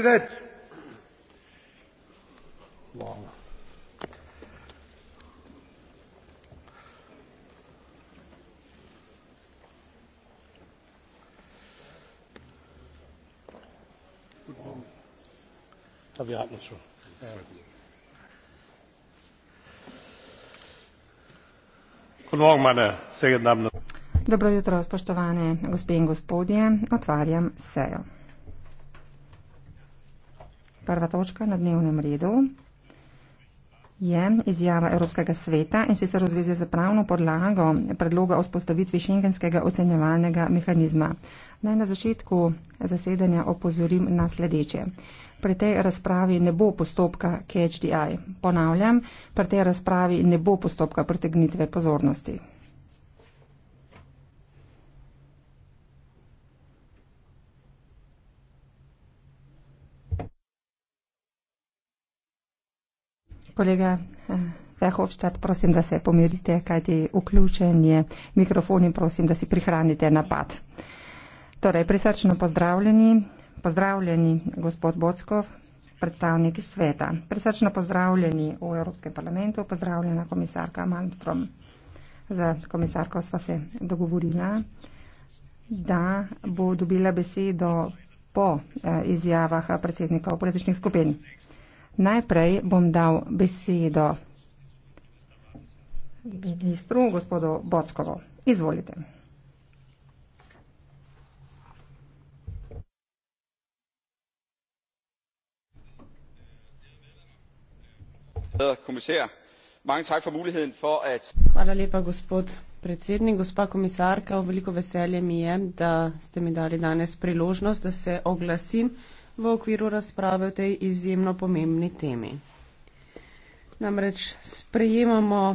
president long have you happened so Dobro jutro, spoštovane gospe in gospodje, otvarjam sejo. Prva točka na dnevnem redu je izjava Evropskega sveta in sicer v zvezi z pravno podlago predloga o spostavitvi šengenskega ocenjevalnega mehanizma. Naj na začetku zasedanja opozorim na sledeče. Pri tej razpravi ne bo postopka KHDI. Ponavljam, pri tej razpravi ne bo postopka pritegnitve pozornosti. Kolega Fehovštad, prosim, da se pomirite, kajti vključen je mikrofon in prosim, da si prihranite napad. Torej, prisrčno pozdravljeni, pozdravljeni gospod Bockov, predstavnik sveta. Prisrčno pozdravljeni v Evropskem parlamentu, pozdravljena komisarka Malmstrom. Za komisarko sva se dogovorila, da bo dobila besedo po eh, izjavah predsednikov političnih skupin. Najprej bom dal besedo ministru, gospodu Bockovo. Izvolite. Hvala lepa, gospod predsednik. Gospa komisarka, veliko veselje mi je, da ste mi dali danes priložnost, da se oglasim v okviru razprave o tej izjemno pomembni temi. Namreč sprejemamo